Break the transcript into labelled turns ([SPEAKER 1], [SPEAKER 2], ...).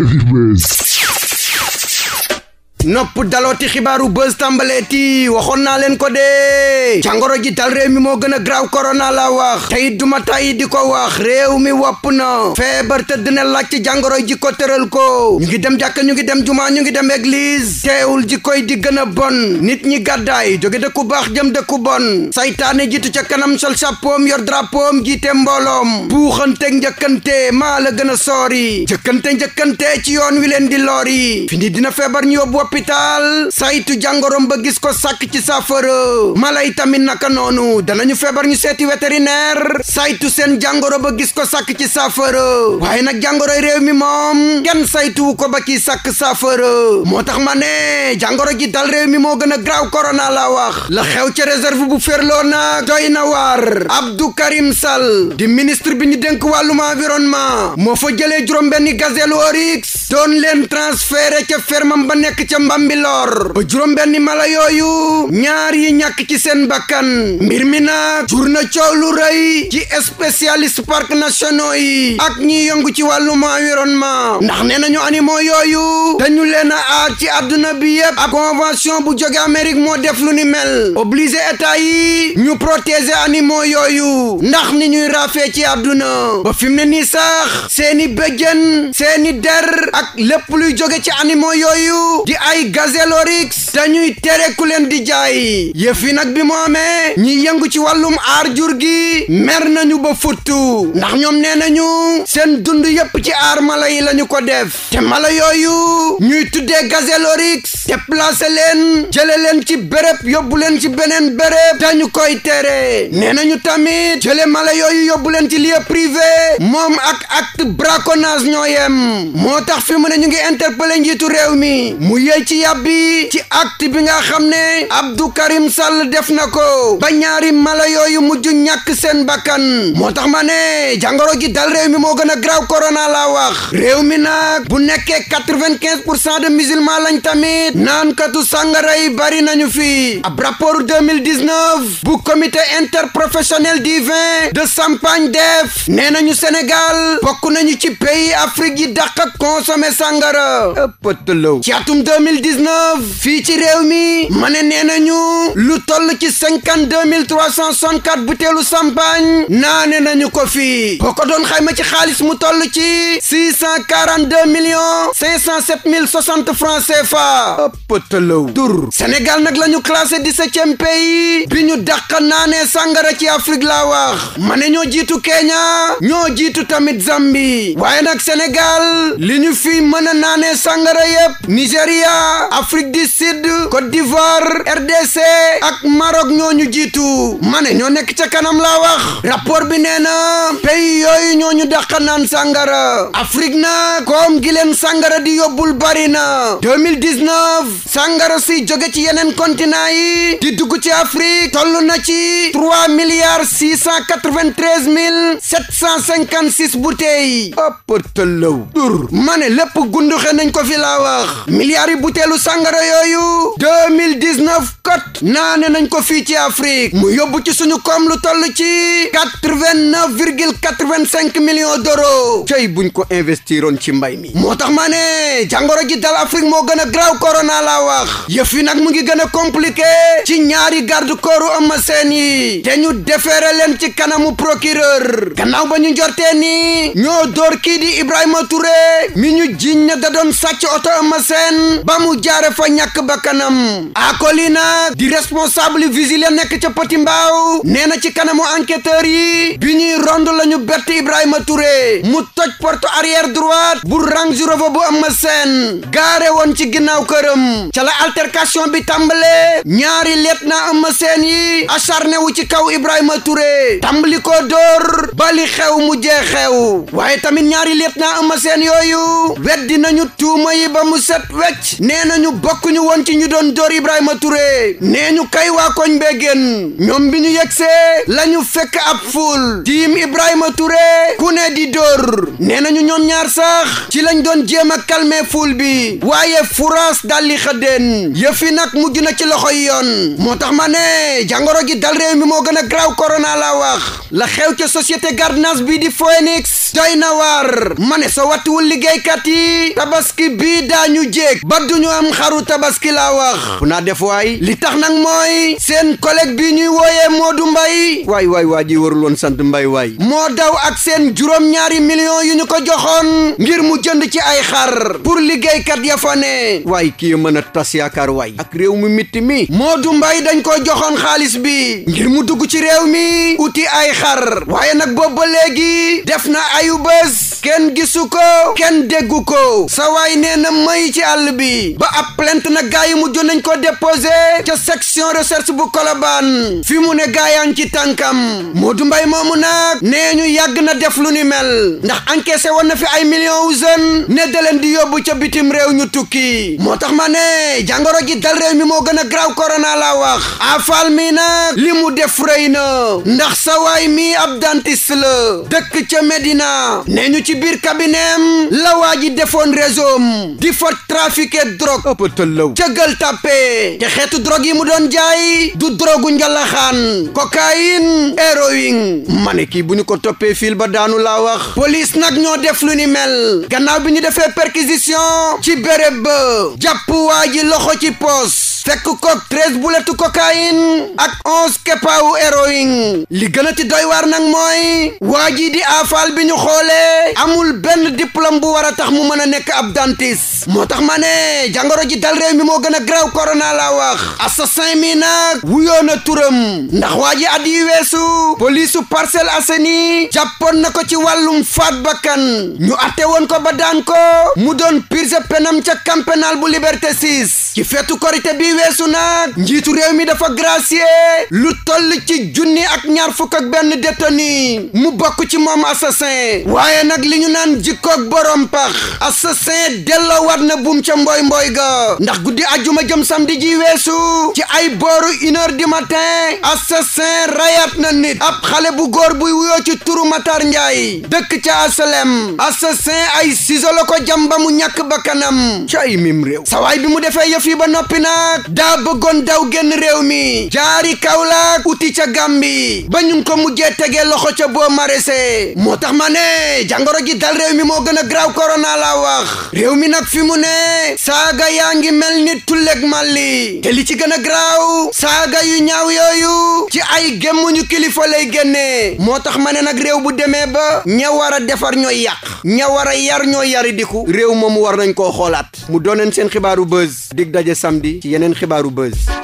[SPEAKER 1] Heavy nopp dalooti xibaaru buzz tàmbaleeti waxoon naa leen ko de jàngoro ji dal réew mi moo gën a graw korona la wax tey duma tàyyi di ko wax réew mi wopp na feebar tëdd na laaj ci jàngoro ji ko tëral ko ñu ngi dem jàkk ñu ngi dem jumaa ñu ngi dem église teewul ji koy di gën a bon nit ñi gàddaay jóge dëkku baax jëm dëkku bon saytaane jiitu ca kanam sol sàppoom yor drapoom jiite mbooloom buuxante njëkkante maa la gën a soori jëkkante njëkkante ci yoon wi leen di loori dina feebar ñu yóbbu hôpital saytu jàngorom ba gis ko sàkk ci saafara mala yi tamit naka noonu danañu feebar ñu seeti vétérinaire saytu seen jàngoro ba gis ko sàkk ci saafara waaye nag jàngoroy réew mi moom kenn saytuwu ko ba ci sàkk saafara moo tax ma ne jàngoro ji dal réew mi moo gën a graaw corona laa wax la xew ci réserve bu ferloo nag doy na waar Abdou Karim di ministre bi ñu dénk wàllum ma moo fa jëlee juróom benni gazelle oryx doon leen transféré ca fermam ba nekk ca Mbambilor ba juróom benn mala yooyu ñaar yi ñàkk ci seen bakkan mbir mi nag jur na coow lu rëy ci spécialiste parc nationaux yi ak ñi yëngu ci wàllum environnement ndax nee nañu animaux yooyu dañu leen a ci adduna bi yépp ak convention bu joge Amérique moo def lu ni mel obligé état yi ñu protéger animaux yooyu ndax ni ñuy rafee ci adduna ba fi mu ne nii sax seeni bëjën seeni der lépp luy jóge ci animaux yooyu di ay gazélorix dañuy tere ku leen di jaay yëf yi nag bi mu amee ñi yëngu ci wàllum aar jur gi mer nañu ba futtu ndax ñoom nee nañu seen dund yépp ci aar mala yi lañu ko def te mala yooyu ñuy tuddee gazélorix déplacé leen jële leen ci béréb yóbbu leen ci beneen béréb dañu koy tere nee nañu tamit jële mala yooyu yóbbu leen ci lieu privé moom ak acte braconnage ñoo moo tax fi mu ne ñu ngi interpellé njiitu réew mi mu yëy ci yàbbi ci acte bi nga xam ne Abdou Karim Sall def na ko ba ñaari mala yooyu mujj ñàkk seen bakkan moo tax ma ne jàngoro ji dal réew mi moo gën a graw corona la wax réew mi nag bu nekkee quatre-vingt-quinze pour cent de musulmans lañ tamit naan katu sàngara yi bari nañu fi ab rapport 2019 bu comité interprofessionnel du vin de champagne def nee nañu Sénégal bokk nañu ci pays Afrique yi dàq ak Dramé Sangara ëppatalaw ci atum 2019 fii ci réew mi ma ne nee nañu lu toll ci cinquante deux mille trois cent soixante quatre butéelu champagne naane nañu ko fii boo ko doon xayma ci xaalis mu toll ci six cent quarante deux millions cinq cent sept mille soixante francs CFA ëppatalaw tur Sénégal nag la ñu classé dix-septième pays bi ñu naa ne sangara ci Afrique laa wax ma ne ñoo jiitu Kenya ñoo jiitu tamit Zambie waaye nag Sénégal li ñu fi mën a naanee sàngara yëpp Nigéria Afrique du Sud Côte d'Ivoire RDC ak Maroc ñoo ñu jiitu mane ñoo nekk ca kanam laa wax rapport bi nee na pays yooyu ñoo ñu dàq naan sàngara Afrique na koom gi leen sàngara di yóbbul bari na 2019 sàngara si jóge ci yeneen continent yi di dugg ci Afrique toll na ci 3 milliards 693 mille 756 bouteilles ëpp tëllaw dur ma lépp gunduxe nañ ko fi laa wax milliards yi buteelu sàngara yooyu 2019 kot naane nañ ko fii ci Afrique mu yóbbu ci suñu koom lu toll ci 89 virgule 85 millions d'euros cey buñ ko investiroon ci mbay mi moo tax maa ne jàngoro ji dal Afrique moo gën a graw corona laa wax yëf yi nag mu ngi gën a compliqué ci ñaari garde corps Eumeu Sène yi te ñu defeere leen ci kanamu procureur gannaaw ba ñu njortee nii ñoo door kii Ibrahima Touré mi jiñ ne da doon sàcc oto Eumeu Sène ba mu jaare fa ñàkk bakkanam na di responsable vigile nekk ca Petit Mbao nee na ci kanamu enquêteur yi bi ñuy rond la ñu bett Ibrahima Touré mu toj porte arrière droite bu Range Rover bu Eumeu Sène gaare woon ci ginnaaw këram ca la altercation bi tàmbale ñaari lieutenant Eumeu Sène yi acharné wu ci kaw Ibrahima Touré tàmbali ko dóor bali xew mu jeex xew tamit ñaari lieutenant Eumeu Sène yooyu Sonko weddi nañu tuuma yi ba mu set wecc nee nañu bokkuñu woon ci ñu doon dóor Ibrahima Touré nee ñu kay waa koñ beegeen ñoom bi ñu yegsee lañu fekk ab ful tiim Ibrahima Touré ku ne di dóor nee nañu ñoom ñaar sax ci lañ doon jéem a calmer foule bi waaye furaas dal li xëddeen yëfi nag mujj na ci loxo yi yoon moo tax ma ne jàngoro gi dal réew mi moo gën a graw corona la wax la xew ca société gardenance bii di Phoenix doy na waar ma ne sa wattuwul liggéeykat yi tabaski bii daañu jéeg ba duñu am xaru tabaski la wax fu naa def waay li tax nag mooy seen collègue bi ñuy wooyee du mbay waay waay waa ji warul woon sant Mbaye waay moo daw ak seen juróom-ñaari millions yu ñu ko joxoon ngir mu jënd ci ay xar pour liggéeykat ya ne waaye kii mën a tas yaakaar waay ak réew mi mitti mi Modou Mbaye dañ ko joxoon xaalis bi ngir mu dugg ci réew mi uti ay xar waaye nag booba léegi def na ayu bés kenn gisu ko kenn déggu ko sa waay nee na may ci àll bi ba ab plainte nag gaa yi mujj nañ ko déposé ca section recherche bu Colobane fi mu ne gaa yaa ngi ci tànkam Modou Mbaye moomu nag nee ñu yàgg na def lu lu ni mel ndax encaissé woon na fi ay millions wu jeunes ne da di yóbbu ca bitim réew ñu tukki moo tax ma ne jàngoro ji dal réew mi moo gën a graw corona laa wax afal mi na li mu def rëy na ndax sawaay mi ab dentiste la dëkk ca Medina ne ñu ci biir kabineem la waa ji defoon réseau di fa trafiqué drogue ëpp tëllaw ca gël tàppe te xeetu drogue yi mu doon jaay du drogu njalaxaan cocaïne héroïne ma ne kii ñu ko toppee fil ba daanu laa wax police nag ñoo def lu ni mel gannaaw bi ñu defee perquisition ci béréb ba jàpp waa ji loxo ci poos fekk ko treize buletu cocaïne ak onze kepaawu héroïne li gën a ti doy waar nag mooy waa jii di aafaal bi ñu xoolee amul benn diplôme bu war a tax mu mën a nekk ab dentiste moo tax ma ne jàngoro ji dal réew mi moo gën a graw corona laa wax assassin mi nag wuyoo na turam ndax waa ji at yi weesu polisu Parcelles Assainies jàppoon na ko ci wàllum faat bakkan ñu ate woon ko ba daan ko mu doon purger penam ca camp pénal bu Liberté 6 ci feetu korité bi yi weesu nag njiitu réew mi dafa gracier lu toll ci junni ak ñaar fukk ak benn détenu mu bokk ci moom assassin waaye nag li ñu naan jikkoog borom pax assassin delloowaat na buum ca mboy mboy ga ndax guddi ajuma jëm samedi ji weesu ci ay booru une heure du matin assassin rayat na nit ab xale bu góor buy wuyoo ci turu Matar Njaay dëkk ca asalem assassin ay ciseaux ko jam mu ñakk bakkanam ca ay mim réew sawaay bi mu defee yëf ba noppi nag nag daa bëggoon daw génn réew mi jaari Kaolack uti ca Gàmbi ba ñun ko mujjee tegee loxo ca boo maraîcher moo tax ma ne jàngoro ji dal réew mi moo gën a graw korona laa wax réew mi nag fi mu ne saaga yaa ngi mel ni tulleeg màlli te li ci gën a graw saaga yu ñaaw yooyu ci ay gémmuñu kilifa lay génne moo tax ma ne nag réew bu demee ba ña war a defar ñooy yàq ña war a yar ñoo yari dikku réew moomu war nañ koo xoolaat mu dooneen seen xibaaru buzz dig daje samedi ci yeneen xibaaru buzz